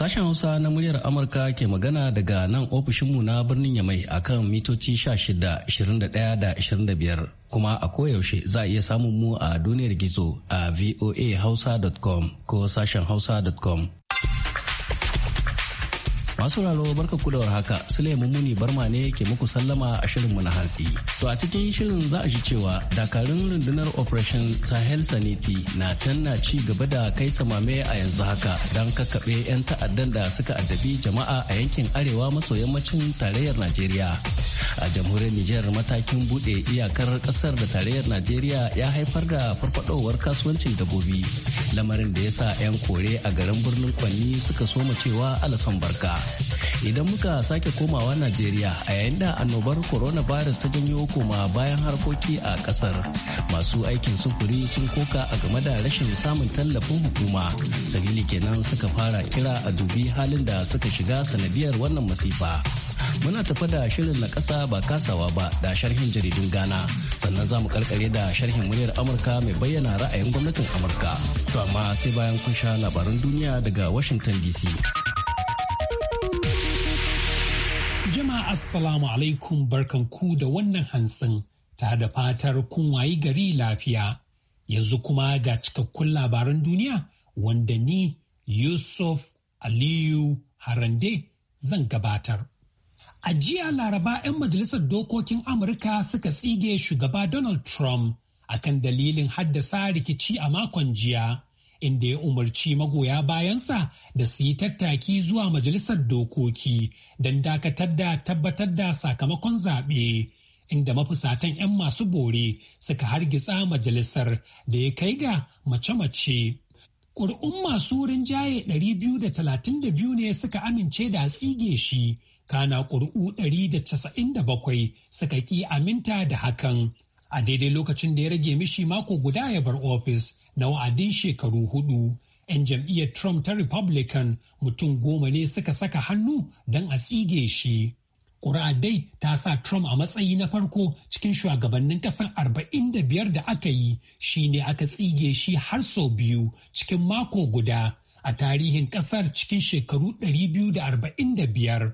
Sashen Hausa na muryar Amurka ke magana daga nan ofishinmu na birnin Yamai akan mitoci 16, 21 da 25 kuma a koyaushe za a iya samun mu a duniyar gizo a voahausa.com ko sashen hausa.com Masu raro barka ku haka Suleiman Muni Barma ne ke muku sallama a shirin mu na hantsi. To a cikin shirin za a ji cewa dakarun rundunar Operation Sahel saniti na can na ci gaba da kai samame a yanzu haka don kakkaɓe 'yan ta'addan da suka addabi jama'a a yankin arewa maso yammacin tarayyar Najeriya. A jamhuriyar Nijar matakin bude iyakar kasar da tarayyar Najeriya ya haifar da farfadowar kasuwancin dabbobi. Lamarin da ya sa 'yan kore a garin birnin Kwanni suka soma cewa alasan barka. idan muka sake komawa najeriya a yayin da annobar coronavirus ta janyo koma bayan harkoki a kasar masu aikin sufuri sun koka a game da rashin samun tallafin hukuma sabili kenan suka fara kira a dubi halin da suka shiga sanadiyar wannan masifa muna tafa da shirin na kasa ba kasawa ba da sharhin jaridun ghana sannan za mu karkare da sharhin muryar amurka mai bayyana ra'ayin gwamnatin amurka to amma sai bayan kun sha labaran duniya daga washington dc Assalamu alaikum barkanku da wannan hantsin ta da fatar kun wayi gari lafiya. Yanzu kuma ga cikakkun labaran duniya wanda ni Yusuf Aliyu Harande zan gabatar. A jiya laraba 'yan majalisar dokokin Amurka suka tsige shugaba Donald Trump akan dalilin haddasa rikici a makon jiya. inda ya umarci magoya bayansa da su yi tattaki zuwa majalisar dokoki don dakatar da tabbatar da sakamakon zaɓe inda mafusatan 'yan masu bore suka hargitsa majalisar da ya kai ga mace-mace. Ƙuri'un masu wurin rinjaye 232 ne suka amince da tsige shi, kana ƙuri'u 197 suka ƙi aminta da hakan. A daidai lokacin da ya rage mishi mako guda ya bar ofis, na wa'adin shekaru hudu 'yan jam'iyyar Trump ta Republican mutum goma ne suka saka hannu don a tsige shi. Ƙuri'a dai ta sa Trump a matsayi na farko cikin shugabannin ƙasar arba'in da biyar da aka yi shi ne aka tsige shi har sau biyu cikin mako guda a tarihin ƙasar cikin shekaru ɗari biyu da da arba'in biyar.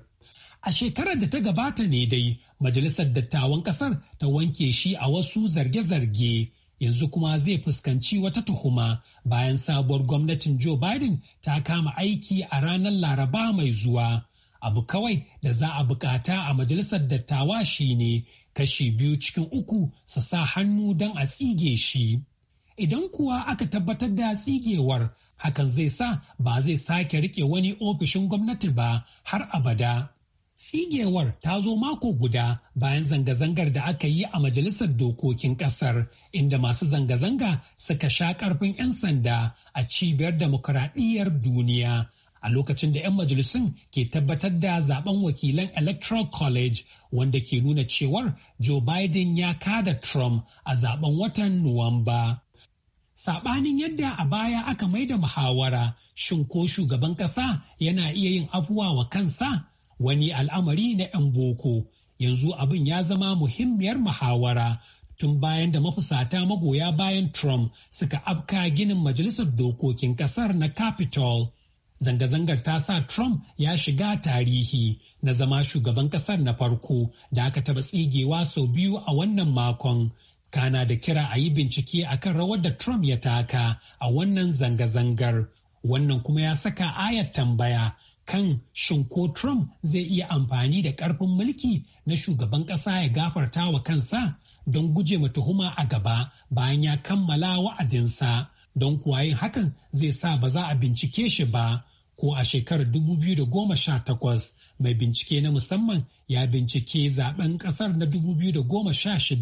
A shekarar da ta gabata ne dai Majalisar Dattawan Ƙasar ta wanke shi a wasu zarge-zarge yanzu kuma zai fuskanci wata tuhuma bayan sabuwar gwamnatin Joe Biden ta kama aiki a ranar Laraba mai zuwa. Abu kawai da za a bukata a majalisar dattawa shi ne, kashi biyu cikin uku su sa hannu don a tsige shi. Idan kuwa aka tabbatar da tsigewar, hakan zai sa ba zai sake rike wani ofishin gwamnati ba har abada. Tsigewar ta zo mako guda bayan zanga-zangar da aka yi a Majalisar Dokokin Ƙasar, inda masu zanga-zanga suka sha ƙarfin 'yan sanda a cibiyar demokuraɗiyyar duniya. A lokacin da 'yan majalisun ke tabbatar da zaben wakilan Electoral College wanda ke nuna cewar Joe Biden ya kada Trump a zaben watan Nuwamba. sabanin yadda a baya aka maida muhawara shin ko shugaban ƙasa yana iya yin afuwa wa kansa wani al'amari na 'yan boko yanzu abin ya zama muhimmiyar muhawara tun bayan da mafusata magoya bayan Trump suka afka ginin majalisar dokokin kasar na Capitol. Zanga-zangar ta sa Trump ya shiga tarihi na zama shugaban kasar na farko da aka taba tsigewa sau biyu a wannan makon. Kana da kira a yi bincike a kan rawar da Trump ya taka a wannan zanga-zangar. Wannan kuma ya saka ayat tambaya kan shin ko Trump zai iya amfani da ƙarfin mulki na shugaban ƙasa ya gafarta wa kansa don guje ma tuhuma a gaba bayan ya kammala wa'adinsa don kuwa yin hakan zai sa ba za a bincike shi ba ko a shekarar 2018 mai bincike na musamman ya bincike zaben kasar na 2016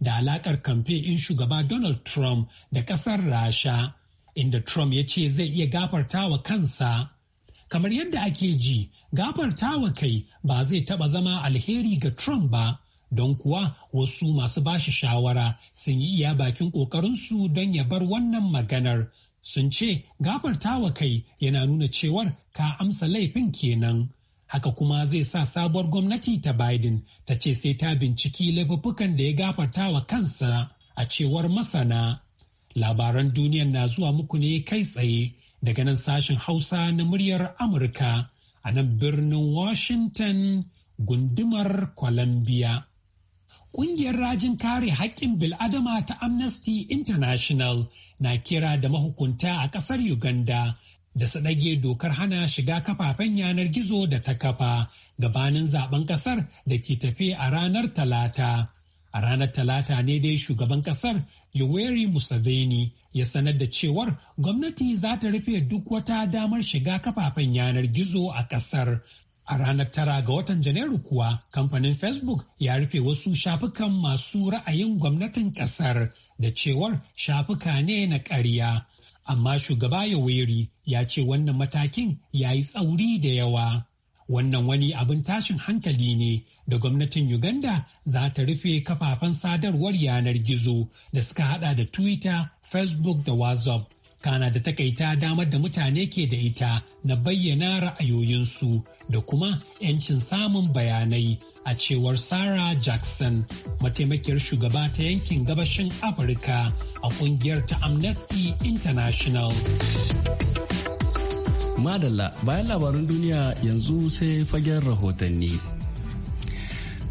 da alakar kamfe in shugaba Donald Trump da kasar Rasha inda Trump ya ce zai iya gafarta wa kansa kamar yadda ake ji tawa kai ba zai taɓa zama alheri ga Trump ba. Don kuwa wasu masu bashi shawara sun yi iya bakin kokarinsu don ya bar wannan maganar. Sun ce tawa kai yana nuna cewar ka amsa laifin kenan. haka kuma zai sa sabuwar gwamnati ta Biden ta ce sai ta binciki laifuffukan da ya gafarta wa kansa a cewar masana. Labaran duniyar na zuwa muku ne kai tsaye daga nan sashen Hausa na muryar Amurka a nan birnin Washington gundumar Columbia. Ƙungiyar rajin kare haƙƙin bil'adama ta Amnesty International na kira da mahukunta a ƙasar Uganda da su ɗage dokar hana shiga kafafen yanar gizo da ta kafa gabanin zaben ƙasar da ke tafe a ranar Talata. A ranar Talata ne dai shugaban kasar Yoweri Museveni ya sanar da cewar gwamnati za ta rufe duk wata damar shiga kafafen yanar gizo a kasar. A ranar tara ga watan Janairu kuwa kamfanin Facebook ya rufe wasu shafukan masu ra'ayin gwamnatin kasar da cewar shafuka ne na ƙarya. Amma shugaba Yoweri ya ce wannan matakin ya yi tsauri da yawa. Wannan wani abin tashin hankali ne da gwamnatin Uganda za ta rufe kafafen sadarwar yanar gizo da suka hada da Twitter, Facebook da WhatsApp. Kana da takaita damar da mutane ke da ita na bayyana ra'ayoyinsu da kuma 'yancin samun bayanai a cewar Sarah Jackson, mataimakiyar shugaba ta yankin gabashin Afirka a ƙungiyar ta Amnesty International. Madalla bayan labarin duniya yanzu sai fagen rahotanni.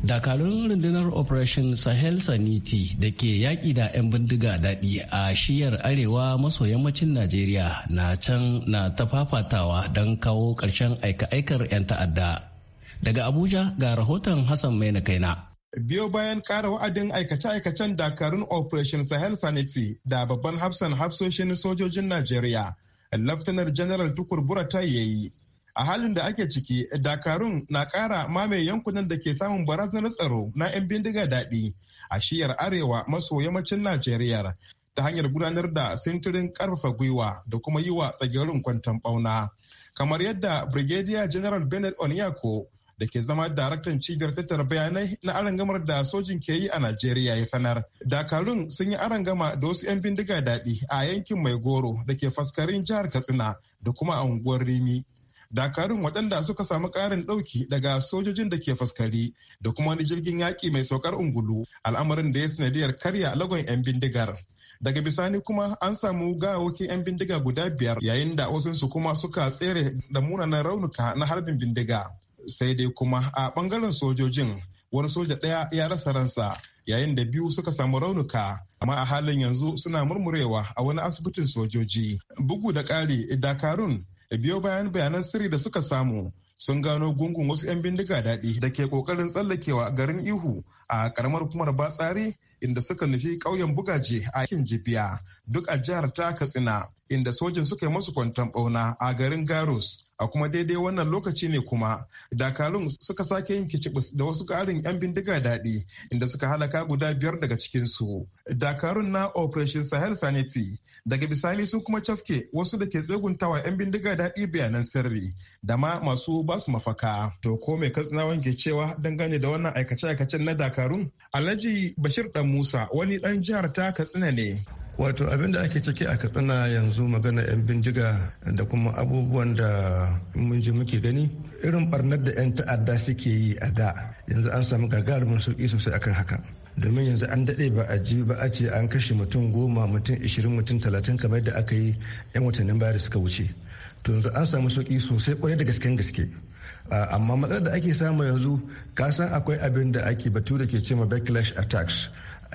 Dakarun rundunar Operation Sahel Saniti da ke yaƙi da 'yan bindiga daɗi a shiyar arewa maso yammacin Najeriya na can na ta fafatawa don kawo ƙarshen aika-aikar 'yan ta'adda. Daga Abuja ga rahoton Hassan Mai na kaina. biyo bayan kara wa'adin aikace-aikacen dakarun operation sahel Saniti da babban hafsan hafsoshin sojojin najeriya laftanar janaral tukur burata ya yi a halin da ake ciki dakarun na kara mamaye yankunan da ke samun barazanar tsaro na 'yan bindiga daɗi a shiyar arewa maso yammacin najeriya ta hanyar gudanar da sintirin karfafa gwiwa da kuma yi wa tsagerin kwanton ɓauna. kamar yadda brigadier general benet onyako da ke zama daraktan cibiyar tattara bayanai na arangamar da sojin ke yi a Najeriya ya sanar. Dakarun sun yi arangama da wasu 'yan bindiga daɗi a yankin Mai Goro da ke faskarin jihar Katsina da kuma a unguwar Rimi. Dakarun waɗanda suka samu ƙarin ɗauki daga sojojin da ke faskari da kuma wani jirgin yaƙi mai saukar ungulu al'amarin da ya sanadiyar karya lagon 'yan bindigar. daga bisani kuma an samu gawawakin 'yan bindiga guda biyar yayin da wasunsu kuma suka tsere da munanan raunuka na harbin bindiga sai dai kuma a bangaren sojojin wani soja ɗaya ya rasa ransa yayin da biyu suka samu raunuka amma a halin yanzu suna murmurewa a wani asibitin sojoji bugu da ƙari dakarun biyo bayan bayanan sirri da suka samu sun gano gungun wasu 'yan bindiga daɗi da ke ƙoƙarin tsallakewa garin ihu a ƙaramar kumar batsari inda suka nufi ƙauyen bugaje a yakin jibiya duk a jihar ta katsina inda sojin suka yi masu kwanton ɓauna a garin garus a kuma daidai wannan lokaci ne kuma dakarun suka sake yin kicibis da wasu karin yan bindiga daɗi inda suka halaka guda biyar daga cikinsu dakarun na operation sahel sanity daga bisani sun kuma cafke wasu da ke tseguntawa yan bindiga daɗi bayanan sirri da ma masu basu mafaka to ko mai Katsina wanke cewa dangane da wannan aikace-aikacen na dakarun alhaji bashir dan musa wani dan jihar ta katsina ne wato abinda ake ciki a katsina yanzu magana 'yan bindiga da kuma abubuwan da mun ji muke gani irin barnar da 'yan ta'adda suke yi a da yanzu an samu gagarumin sauki sosai akan haka domin yanzu an daɗe ba a ji ba a ce an kashe mutum goma mutum ishirin mutum talatin kamar da aka yi 'yan watannin baya da suka wuce to yanzu an samu sauki sosai kwarai da gasken gaske amma matsalar da ake samu yanzu kasan akwai abin da ake batu da ke ce ma backlash attacks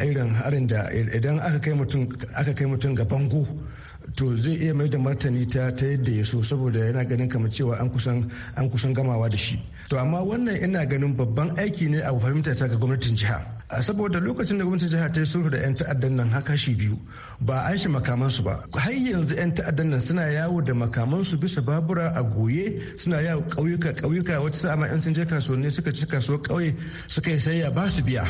irin harin da idan aka kai mutum ga bango to zai iya mai da martani ta ta yadda ya so saboda yana ganin kamar cewa an kusan an kusan gamawa da shi to amma wannan ina ganin babban aiki ne a fahimta ta ga gwamnatin jiha saboda lokacin da gwamnatin jiha ta yi sulhu da 'yan ta'addan nan haka shi biyu ba an shi makamansu ba har yanzu 'yan ta'addan nan suna yawo da makamansu bisa babura a goye suna yawo ƙauyuka ƙauyuka wata sa'a ma 'yan sun je kasuwanni suka ci kasuwar ƙauye suka yi sayya ba su biya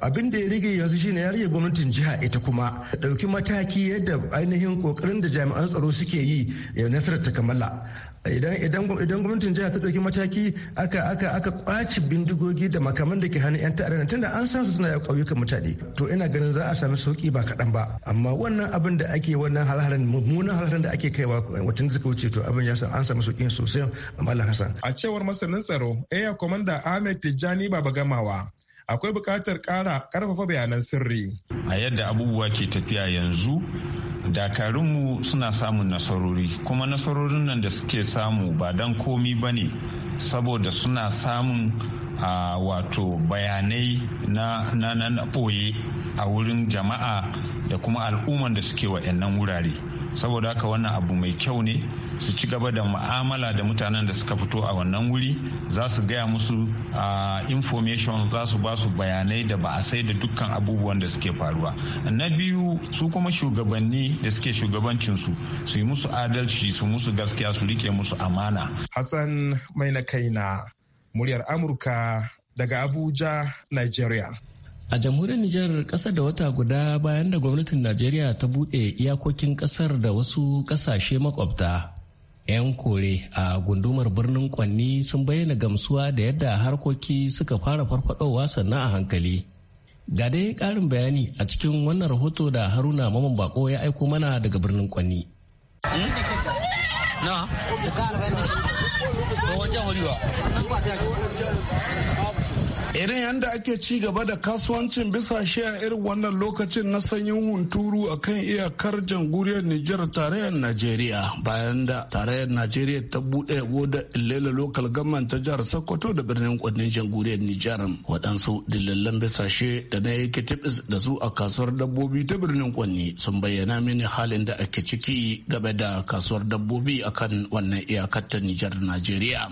abin da ya rage yanzu shine ya rage gwamnatin jiha ita kuma dauki mataki yadda ainihin kokarin da jami'an tsaro suke yi ya nasarar ta kammala idan gwamnatin jiha ta ɗauki mataki aka aka aka kwaci bindigogi da makaman da ke hannun yan ta'adda tunda an san su suna ya ƙauyukan mutane to ina ganin za a sami sauki ba kaɗan ba amma wannan abin da ake wannan halharan mummunan halharan da ake kaiwa watan suka wuce to abin ya san an sami sauki sosai Allah hasan a cewar masanin tsaro air commander ahmed tijjani baba gamawa akwai buƙatar ƙara ƙarfafa bayanan sirri. A yadda abubuwa ke tafiya yanzu, dakarunmu suna samun nasarori, kuma nasarorin nan da suke samu ba don komi ba ne saboda suna samun a wato bayanai na na na ɓoye a wurin jama'a da kuma al'umman da suke wa'annan wurare saboda haka wannan abu mai kyau ne su ci gaba da mu'amala da mutanen da suka fito a wannan wuri za su gaya musu information za su ba su bayanai da ba a sai da dukkan abubuwan da suke faruwa na biyu su kuma shugabanni da suke shugabancinsu su yi musu adalci su musu gaskiya su rike musu amana hassan mai na kaina muryar amurka daga abuja nigeria a jamhuriyar nijar kasar da wata guda bayan da gwamnatin najeriya ta buɗe iyakokin kasar da wasu ƙasashe makwabta 'yan kore a gundumar birnin kwanni sun bayyana gamsuwa da yadda harkoki suka fara farfadowa sannan a hankali ga dai karin bayani a cikin wannan rahoto da haruna maman bako ya aiko mana daga birnin kwanni 能活这么久 irin yadda ake ci gaba da kasuwancin bisa a irin wannan lokacin na sanyin hunturu a kan iyakar janguriyar nijar tarayyar najeriya bayan da tarayyar najeriya ta buɗe da illela lokal gama ta jihar sokoto da birnin kwadin janguriyar nijar waɗansu dillallan bisashe da na yake kitibis da su a kasuwar dabbobi ta birnin kwanni sun bayyana mini halin da ake ciki game da kasuwar dabbobi a kan wannan iyakar ta nijar najeriya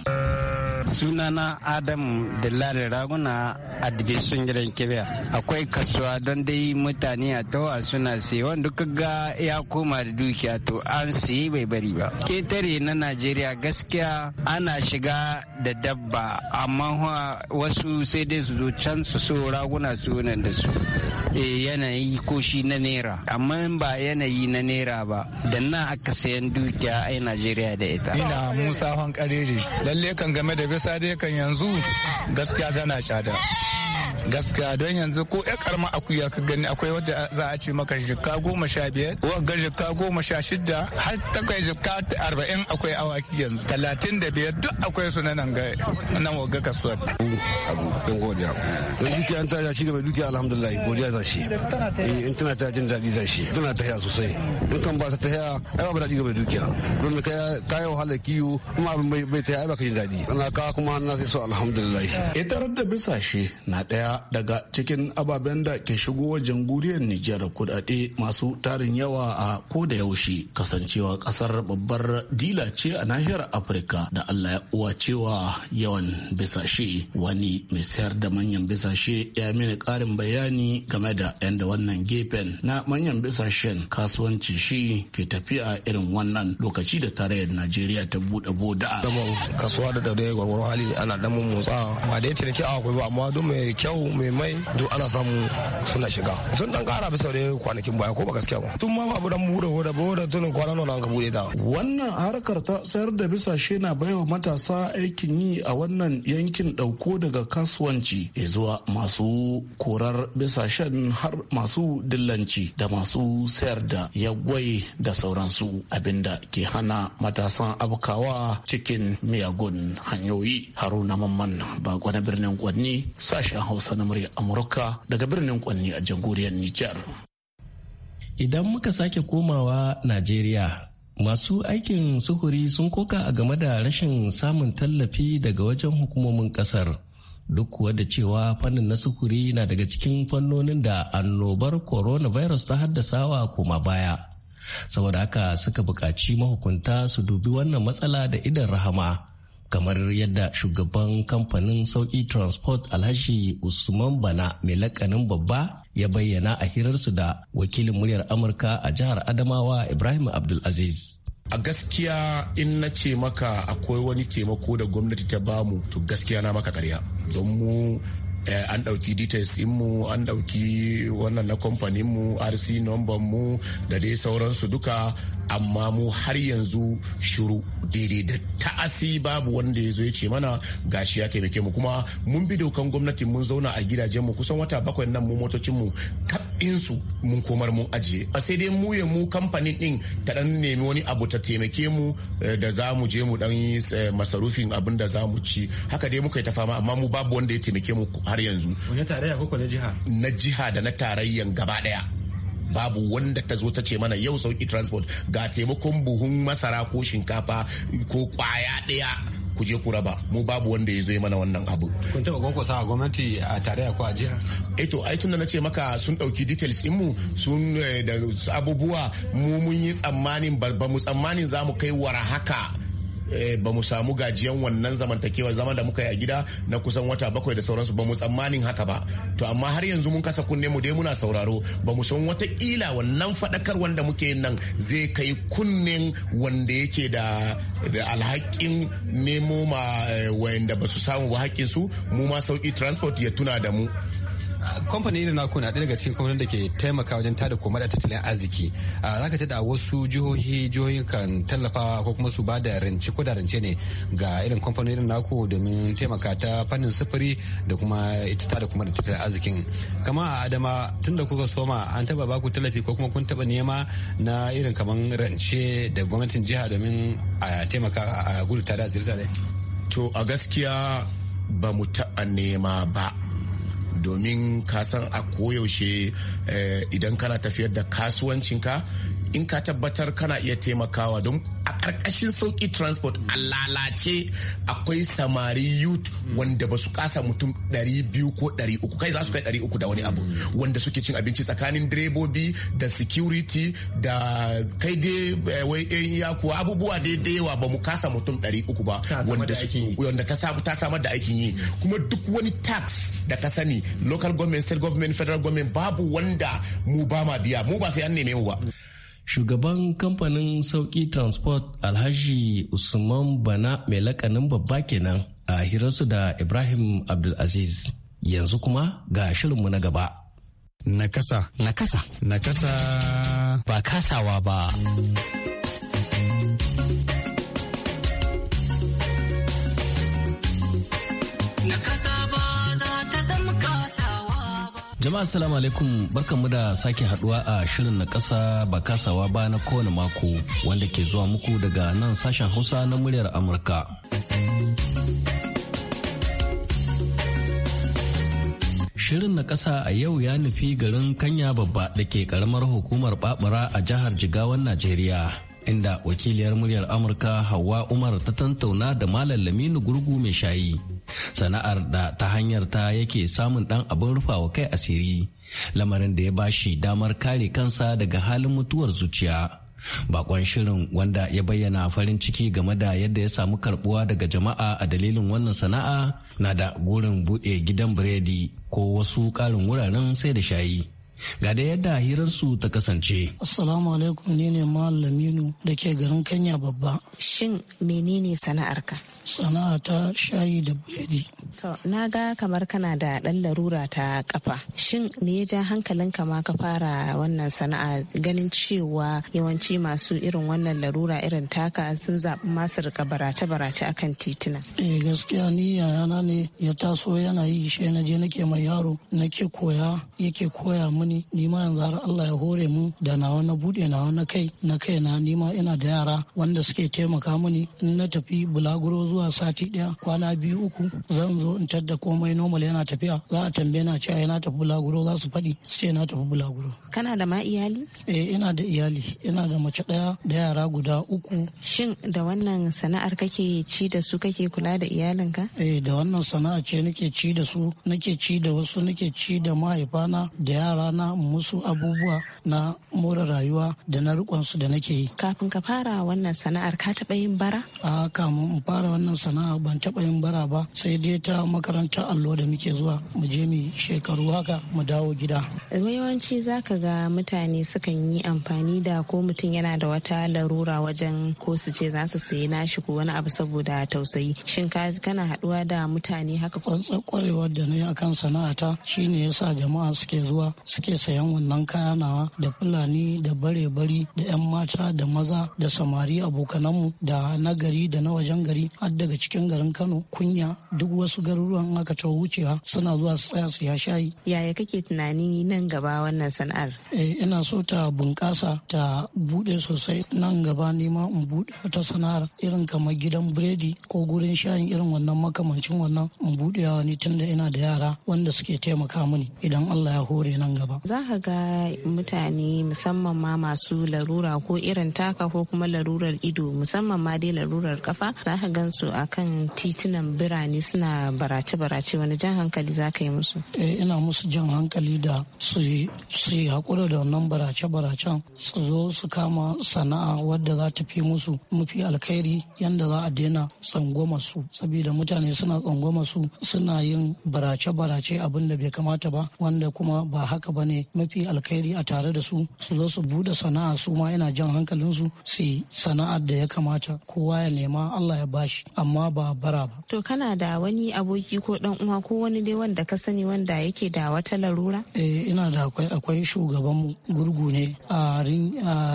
sunana adam dillali raguna na sun gidan kibiya akwai kasuwa don dai mutane a tawa suna siye wanda ga ya koma da dukiya to an siye bai bari ba ketare na najeriya gaskiya ana shiga da dabba amma wasu sai dai su zo can su so raguna su nan da su eh, yanayi ko shi na nera amma ba yanayi na nera ba da na aka sayan dukiya a najeriya da ita ina musa hankarere lalle kan game da bisa dai kan yanzu gaskiya zana Yeah. gaskiya don yanzu ko ya karma akuya ka gani akwai wadda za a ce maka jikka goma sha biyar ga jikka goma sha shida har ta kai jikka arba'in akwai awaki yanzu talatin da biyar duk akwai su na nan ga nan wagga kasuwar. don godiya don dukiya an taja shi gaba dukiya alhamdulillah godiya za shi eh, in tana ta jin daɗi za shi tana ta haya sosai in kan ba ta ta haya ai ba daɗi gaba dukiya don ka yi wahalar kiwo kuma abin bai ta haya ai ba ka jin daɗi ana kawo kuma na sai so alhamdulillah. ita radda bisa shi na ɗaya A daga cikin ababen da ke shigo wajen guriyar Nijar kudade masu tarin yawa a ko da yaushe kasancewa kasar babbar dila ce a nahiyar Afirka da Allah ya uwa cewa yawan bisashe wani mai sayar da manyan bisashe ya mini ƙarin bayani game da yadda wannan gefen na manyan bisashen kasuwanci shi ke tafiya irin wannan lokaci da tarayyar Najeriya ta buɗe boda. Kasuwa da dare hali ana dan motsa ba da ya ciniki akwai ba amma don mai kyau mai mai duk ana samu suna shiga sun dan kara bisa da kwanakin baya ko ba gaskiya ba tun ma babu dan bude hoda ba hoda tunin kwana nan ka bude ta wannan harkar ta sayar da bisa shi na baiwa matasa aikin yi a wannan yankin dauko daga kasuwanci zuwa masu korar bisa shan har masu dillanci da masu sayar da yagwai da sauransu abinda ke hana matasan abkawa cikin miyagun hanyoyi haruna mamman ba gwana birnin gwanni sashen hausa na murya Amurka daga birnin Kwanni a jamhuriyar Nijar. Idan muka sake komawa Najeriya, masu aikin suhuri sun koka a game da rashin samun tallafi daga wajen hukumomin kasar. Duk kuwa da cewa fannin na suhuri na daga cikin fannonin da annobar coronavirus ta haddasa wa koma baya. saboda haka suka buƙaci mahukunta su dubi wannan matsala da idan rahama kamar yadda shugaban kamfanin sauki transport alhashi usman bana mai lakanin babba ya bayyana a hirarsu da wakilin muryar amurka a jihar adamawa ibrahim abdulaziz a gaskiya in na ce maka akwai wani taimako da gwamnati ta bamu to gaskiya na maka karya don mu eh, an ɗauki details mu an ɗauki wannan na kamfanin mu rc number mu da dai sauransu duka amma mu har yanzu shiru daidai da ta'asi babu wanda ya zo ya ce mana gashi ya taimake mu kuma mun bi dokan gwamnati mun zauna a gidajenmu kusan wata bakwai nan mu motocinmu mu su mun komar mun ajiye a sai dai mu ya mu kamfanin din ta dan nemi wani abu ta taimake mu eh, da za mu je mu dan eh, masarufin abin da za mu ci haka dai muka yi ta fama amma mu babu wanda ya taimake mu har yanzu wani tarayya ko na jiha na jiha da na tarayyan gaba ɗaya. babu wanda ta zo ta ce mana yau sauki transport ga taimakon buhun masara ko shinkafa ko kwaya ɗaya kuje ku raba mu babu wanda ya zo mana wannan abu. Kun taɓa kwankwasa a gwamnati a tarayya ko a jiha? Eh to ai tunda na ce maka sun ɗauki details din mu sun eh, da abubuwa mu mun yi tsammanin ba mu tsammanin za kai wara haka Eh, ba mu samu gajiyan wannan zamantakewa zama da muka yi a gida na kusan wata bakwai da sauransu ba mu tsammanin haka ba to amma har yanzu mun kasa kunne mu dai muna sauraro ba mu san wata kila wannan fadakar wanda muke yin nan zai kai kunnen wanda yake da alhakin nemo ma eh, wayanda ba su samu ba hakkin su mu ma sauki transport ya tuna da mu kamfani irin naku na ɗaya daga cikin kamfanin da ke taimaka wajen tada koma da tattalin arziki za ka tada wasu jihohi jihohi kan tallafa ko kuma su ba da rance ko da rance ne ga irin kamfanin irin naku domin taimaka ta fannin sufuri da kuma ita tada koma da tattalin arzikin kama a adama tun da kuka soma an taba baku tallafi ko kuma kun taba nema na irin kaman rance da gwamnatin jiha domin a taimaka a gudu tare a to a gaskiya ba mu taɓa nema ba domin ka san a koyaushe eh, idan kana tafiyar da kasuwancinka in ka tabbatar kana iya taimakawa don a ƙarƙashin sauƙi transport a lalace akwai samari youth wanda ba su kasa mutum 200 ko 300 kai za su kai 300 da wani abu wanda suke cin abinci tsakanin direbobi da security da kai dai eh, wai yan kuwa abubuwa dai da yawa ba mu kasa mutum 300 ba wanda ta samar da aikin yi kuma duk wani tax da ka sani local government state government federal government babu wanda mu ba ma biya mu ba sai an neme mu ba shugaban kamfanin sauki transport alhaji usman bana mai lakanin babba kenan a hirarsu da ibrahim abdulaziz yanzu kuma ga shirinmu na gaba nakasa nakasa nakasa ba kasawa ba Jama'a salamu alaikum barkanmu da sake haduwa a shirin na kasa ba kasawa ba na kowane mako wanda ke zuwa muku daga nan sashen Hausa na muryar Amurka. Shirin na kasa a yau ya nufi garin Kanya babba da ke karamar hukumar Babura a jihar Jigawan Najeriya. inda wakiliyar muryar amurka hawa umar ta tantauna da malam laminu gurgu mai shayi sana'ar da ta hanyar ta yake samun dan abin rufawa kai asiri lamarin da ya bashi damar kare kansa daga halin mutuwar zuciya bakon shirin wanda ya bayyana farin ciki game da yadda ya samu karbuwa daga jama'a a dalilin wannan sana'a na da gurin buɗe gidan biredi ko wasu ƙarin wuraren sai da shayi ga da yadda hirarsu ta kasance. Assalamu alaikum ni ne Malaminu da ke garin Kenya babba. Shin menene sana'arka? Sana'a ta shayi da biredi. To, na ga kamar kana da ɗan larura ta kafa. Shin me ya ja hankalinka ma ka fara wannan sana'a ganin cewa yawanci masu irin wannan larura irin taka sun zaɓi masu rika barace-barace akan titina? Eh gaskiya ni yayana ne ya taso yana yi shi na je nake mai yaro nake koya yake koya wani nima yanzu har Allah ya hore mu da nawa na bude nawa na kai na kai na nima ina da yara wanda suke taimaka mini in na tafi bulaguro zuwa sati daya kwana biyu uku zan zo in tadda komai normal yana tafiya za a tambaye na cewa yana tafi bulaguro za su faɗi su ce na tafi bulaguro. Kana da ma iyali? Eh ina da iyali ina da mace daya da yara guda uku. Shin da wannan sana'ar kake ci da su kake kula da iyalinka? Eh da wannan sana'a ce nake ci da su nake ci da wasu nake ci da mahaifana da yara na musu abubuwa na more rayuwa da na rikonsu da nake yi. Kafin ka fara wannan sana'ar ka taɓa yin bara? A kamun in fara wannan sana'ar ban taɓa yin bara ba sai dai ta makaranta allo da muke zuwa mu je mu shekaru haka mu dawo gida. Yawanci za ka ga mutane sukan yi amfani da ko mutum yana da wata larura wajen ko su ce za su sayi nashi ko wani abu saboda tausayi. Shin kana haɗuwa da mutane haka? Kwantsar kwarewar da na yi akan sana'ata shine yasa jama'a suke zuwa suke sayan wannan kaya da fulani da bare-bari da 'yan mata da maza da samari abokananmu da na gari da na wajen gari har daga cikin garin kano kunya duk wasu garuruwan aka ta wucewa suna zuwa su tsaya su ya shayi yaya kake tunanin nan gaba wannan sana'ar eh, ina so ta bunƙasa ta buɗe sosai nan gaba nema in buɗe ta sana'ar irin kamar gidan biredi ko gurin shayin irin wannan makamancin wannan in buɗe wani tunda ina da yara wanda suke taimaka mini idan Allah ya hore nan gaba ba. Za ka ga mutane musamman ma masu larura ko irin taka ko kuma larurar ido musamman ma dai larurar kafa za ka gan su kan titunan birane suna barace-barace wani jan hankali za ka yi musu. Eh ina musu jan hankali da su yi hakura da wannan barace-baracen su zo su kama sana'a wadda za ta fi musu mafi alkhairi yanda za a daina tsangwama su saboda mutane suna tsangwama su suna yin barace-barace abin da bai kamata ba wanda kuma ba haka ba ne mafi alkhairi a tare da su su zo su bude sana'a su ma yana jan hankalin su su sana'ar da ya kamata kowa ya nema Allah ya bashi amma ba bara ba to kana da wani aboki ko dan uwa ko wani dai wanda ka sani wanda yake da wata larura eh ina da akwai akwai shugaban mu gurgu ne a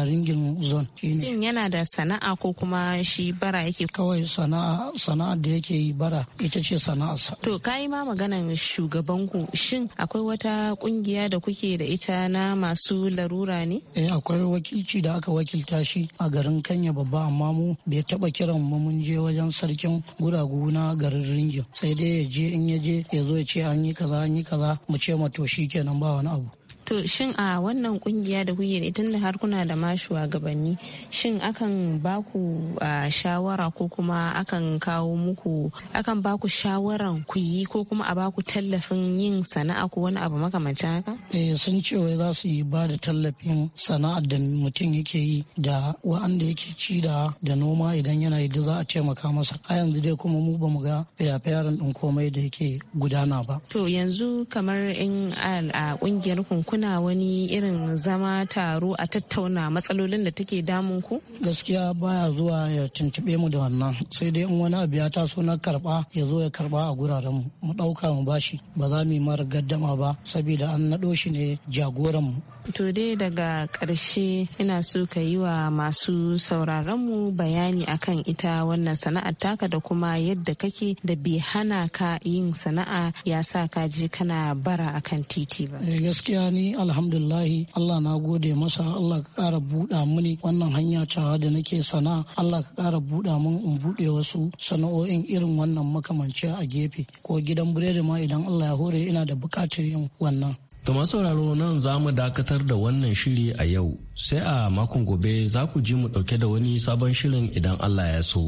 ringin zone shin yana da sana'a ko kuma shi bara yake kawai sana'a sana'a da yake yi bara ita ce sana'a to kai ma maganar shugaban ku shin akwai wata kungiya da kuke yake da ita na masu larura ne? Eh akwai wakilci da aka wakilta shi a garin Kanya babba amma mu bai taba kiran mu mun je wajen sarkin guragu na garin Ringin sai dai ya je in ya je ya zo ya ce an yi kaza an yi kaza mu ce ma to shi kenan ba wani abu. to shin a wannan kungiya da kuke da tunda har kuna da ma shugabanni shin akan baku shawara ko kuma akan kawo muku akan baku shawaran ku yi ko kuma a baku tallafin yin sana'a ko wani abu makamancin haka eh sun ce wai za su yi ba da tallafin sana'ar da mutum yake yi da wa'anda yake ci da da noma idan yana da za a taimaka masa a yanzu dai kuma mu bamu ga fayafayaran din komai da yake gudana ba to yanzu kamar in a kungiyar kun kuna wani irin zama taro a tattauna matsalolin da take damun ku? Gaskiya baya zuwa ya tuntuɓe mu da wannan sai dai in wani abu ya taso na karɓa ya zo ya karɓa a guraren mu mu dauka mu bashi ba za mu yi mara gaddama ba saboda an naɗo shi ne jagoran mu To dai daga ƙarshe ina so ka yi wa masu sauraronmu bayani akan ita wannan sana'ar taka da kuma yadda kake da bai hana ka yin sana'a ya sa ka ji kana bara akan titi ba. Eh, gaskiya ni alhamdulillahi Allah na gode masa Allah ka ƙara buɗa mini wannan hanya cewa da nake sana'a Allah ka ƙara buɗa mun in buɗe wasu sana'o'in irin wannan makamanci a gefe ko gidan biredi ma idan Allah ya hore ina da buƙatar yin wannan. kamar sauraro nan za mu dakatar da wannan shiri a yau sai a makon gobe za ku ji mu ɗauke da wani sabon shirin idan Allah ya so.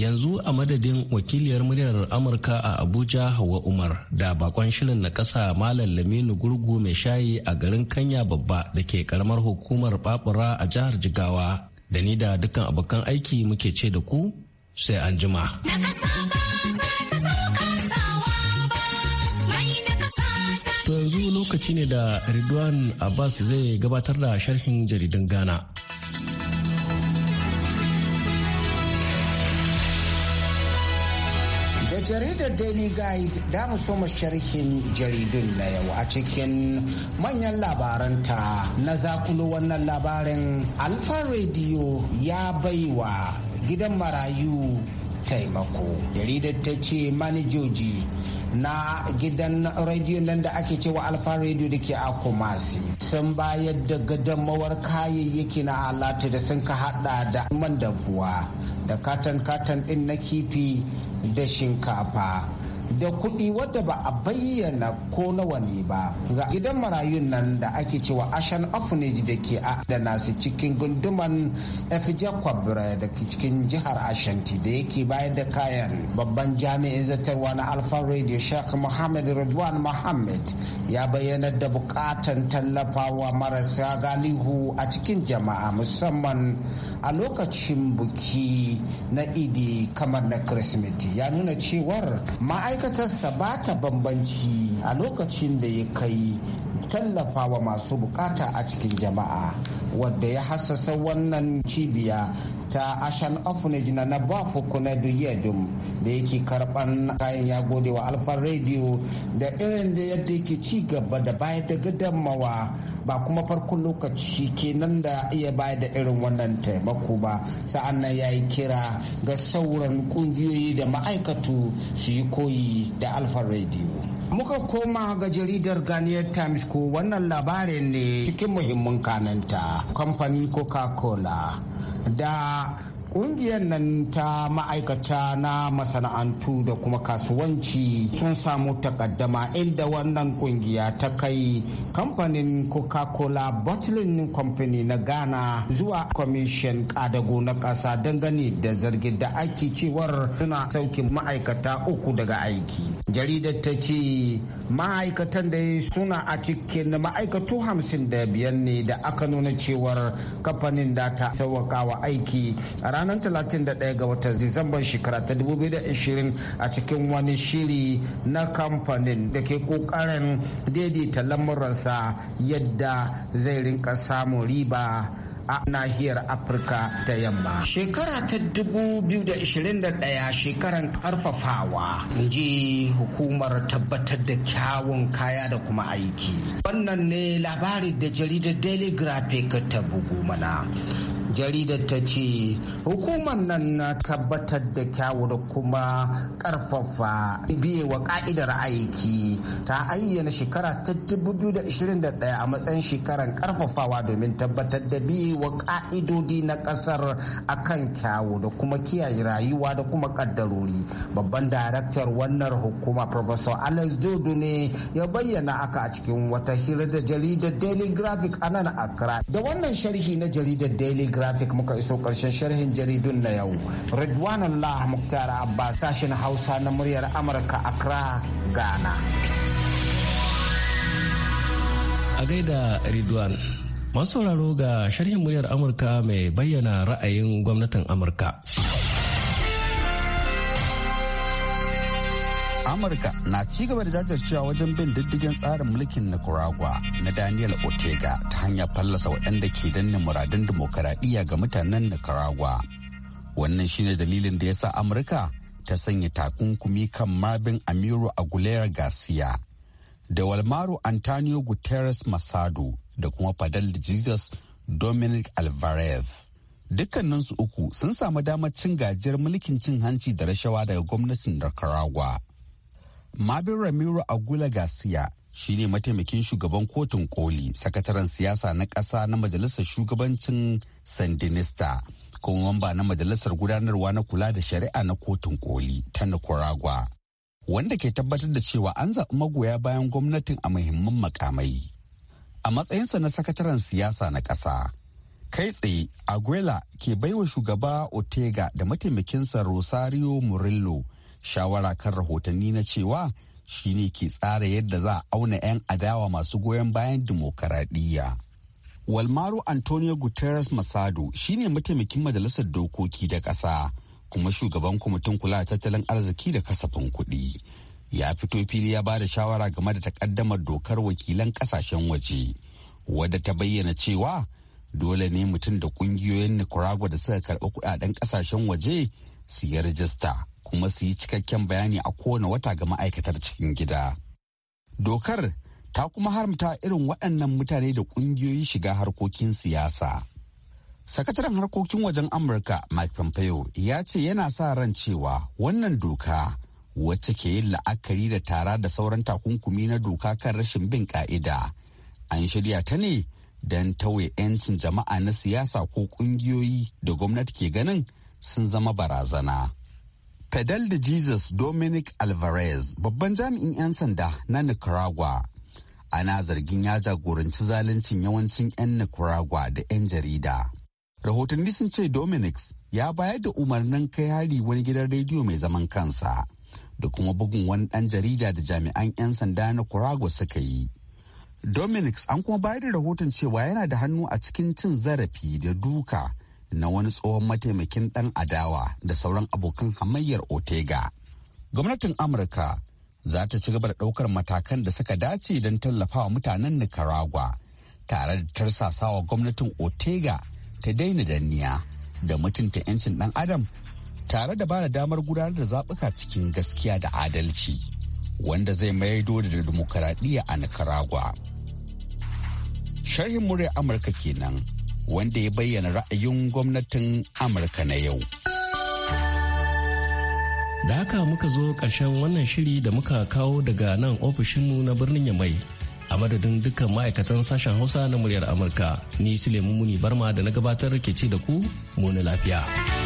Yanzu a madadin wakiliyar muryar Amurka a Abuja Hawa Umar da bakon shirin na ƙasa Malam Laminu Gurgu mai shayi a garin Kanya Babba da ke karamar hukumar Babura a jihar Jigawa da ni da dukkan abokan aiki muke ce da ku sai an jima. lokaci ne da Ridwan Abbas zai gabatar da sharhin jaridan Ghana. da jaridar daily guide da mu soma sharhin jaridun na yau a cikin manyan labaranta na zakulo wannan labarin alfa radio ya baiwa gidan marayu taimako jaridar ta ce manajoji na gidan rediyo nan da ake cewa alfa radio da ke a kumasi sun bayar da gadamawar kayayyaki na alatu da sun ka hada da man dafuwa da katon katon din na kifi da shinkafa da kuɗi wadda ba a bayyana ko nawa ne ba ga gidan marayun nan da ake cewa ashan orphanage da ke adana su cikin gunduman fj da ke cikin jihar ashanti da yake bayar da kayan babban jami'in zartarwa na alfa radio sheikh muhammad ridwan muhammad ya bayyana da bukatan tallafawa marasa galihu a cikin jama'a musamman a lokacin buki na idi kamar na kirsimeti ya nuna cewar ma'aikata ma'aikatarsa ba ta bambanci a lokacin da ya kai tallafa wa masu bukata a cikin jama'a wadda ya hassasa wannan cibiya ta ashan orphanage na na bafuku na duyedum da yake karban kayan ya gode wa alfar radio da irin da yadda yake ci gaba da baya da gadamawa ba kuma farkon lokaci kenan da iya baya da irin wannan taimako ba sa'an nan ya yi kira ga sauran kungiyoyi da ma'aikatu su yi koyi da alfar radio Muka koma ga jaridar Ghanaian Times ko wannan labarin ne cikin muhimmin kananta kamfani Coca-Cola da ƙungiyar nan ta ma'aikata na masana'antu da kuma kasuwanci sun samu takaddama inda wannan ƙungiya ta kai kamfanin coca-cola bottling company na ghana zuwa kwamishin kadago na kasa dangane da zargin da ake cewar suna sauki ma'aikata uku daga aiki jaridar ta ce ma'aikatan da suna a cikin ma'aikatu hamsin da biyar ne da aka nuna cewar kamfanin da ta sauwaka wa aiki a ranar 31 ga watan disamban shekara ta 2020 a cikin wani shiri na kamfanin da ke kokarin daidaita lamuransa yadda zai rinka samun riba a nahiyar afirka ta yamma shekara ta 2021 shekaran karfafawa ji hukumar tabbatar da kyawun kaya da kuma aiki wannan ne labari da jaridar daily graphic ta bugu mana jaridar ta ce hukumar nan na tabbatar da kyawu da kuma karfafa biyewa ka'idar aiki ta ayyana shekara ta 2021 a matsayin shekaran karfafawa domin tabbatar da biyewa ka'idodi na kasar akan kyawu da kuma kiyaye rayuwa da kuma kaddarori babban daraktar wannan hukuma professor alex dodo ne ya bayyana aka a cikin wata hira da jaridar daily graphic a nan accra da wannan sharhi na jaridar daily graphic graphic muka iso karshen sharhin jaridun na yau Ridwan Allah Muktar Abba sashen Hausa na muryar Amurka Accra Ghana A gaida Ridwan masu sauraro ga sharhin muryar Amurka mai bayyana ra'ayin gwamnatin Amurka. amurka na ci gaba da jajircewa wajen bin diddigin tsarin mulkin nicaragua na daniel ortega ta hanyar fallasa waɗanda ke danne muradun dimokuraɗiyya ga mutanen nicaragua wannan shine dalilin da ya sa amurka ta sanya takunkumi kan mabin amiru aguilera garcia da walmaro antonio guterres masado da kuma fadal da jesus dominic alvarez dukkaninsu uku sun samu damar cin gajiyar mulkin cin hanci da rashawa daga gwamnatin nicaragua Mabin Ramiro Agula Garcia shi ne mataimakin shugaban kotun koli sakataren siyasa na ƙasa na majalisar shugabancin Sandinista kuma mamba na majalisar gudanarwa na kula da shari'a na kotun koli ta Nicaragua wanda ke tabbatar da cewa an zaɓi magoya bayan gwamnatin a muhimman makamai. A matsayinsa na sakataren siyasa na ƙasa, kai tsaye Aguila ke baiwa shugaba Otega da mataimakinsa Rosario Murillo shawara kan rahotanni na cewa shi ne ke tsara yadda za a auna 'yan adawa masu goyon bayan dimokuraɗiyya. walmaro antonio guterres masado shi ne mataimakin majalisar dokoki da ƙasa kuma shugaban kwamitin kula da tattalin arziki da kasafin kuɗi ya fito fili ya ba da shawara game da takaddamar dokar wakilan kasashen waje wadda ta bayyana cewa dole ne mutum da ƙungiyoyin nicaragua da suka karɓi kuɗaɗen ƙasashen waje su yi rajista kuma su yi cikakken bayani a kowane wata ga ma'aikatar cikin gida. Dokar ta kuma haramta irin waɗannan mutane da ƙungiyoyi shiga harkokin siyasa. Sakataren harkokin wajen Amurka Mike Pompeo ya ce yana sa ran cewa wannan doka wacce ke yin la'akari da tara da sauran takunkumi na doka kan rashin bin ka'ida. An shirya ta ne don tauye 'yancin jama'a na siyasa ko ƙungiyoyi da gwamnati ke ganin sun zama barazana. Fidel de Jesus Dominic Alvarez babban jami'in 'yan sanda na Nicaragua ana zargin ya jagoranci zaluncin yawancin 'yan Nicaragua da 'yan jarida. Rahotanni sun ce Dominic ya bayar da umarnin kai hari wani gidan rediyo mai zaman kansa da kuma bugun wani ɗan jarida da jami'an 'yan sanda na Nicaragua suka yi. Dominic an kuma bayar da rahoton cewa yana da hannu a cikin cin zarafi da duka na wani tsohon mataimakin ɗan adawa da sauran abokan hamayyar Otega. Gwamnatin Amurka za ta ci gaba da ɗaukar matakan da suka dace don tallafawa mutanen Nicaragua tare da tarsasawa gwamnatin Otega ta daina danniya da mutunta 'yancin ɗan adam tare da bada damar gudanar da zaɓuka cikin gaskiya da adalci wanda zai maido da dimokuraɗiyya a Nicaragua. Sharhin murya Amurka kenan. wanda ya bayyana ra'ayin gwamnatin Amurka na yau. Da haka muka zo ƙarshen wannan shiri da muka kawo daga nan ofishinmu na birnin Yamai. A madadin dukkan ma'aikatan sashen Hausa na muryar Amurka, ni Suleiman Muni Barma da na gabatar ke ce da ku, muni lafiya.